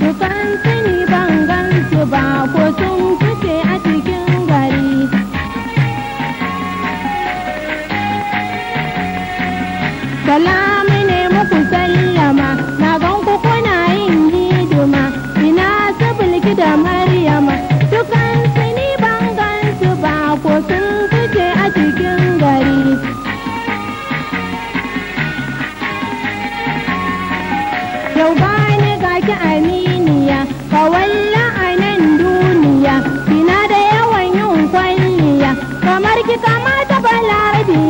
不怕。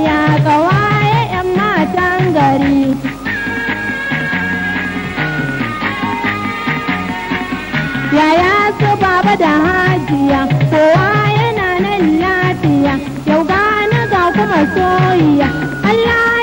ya kawaye 'yan matan gari yaya su baba da hajiya kowa yana nan lafiya yau gani ga kuma soyayya. Allah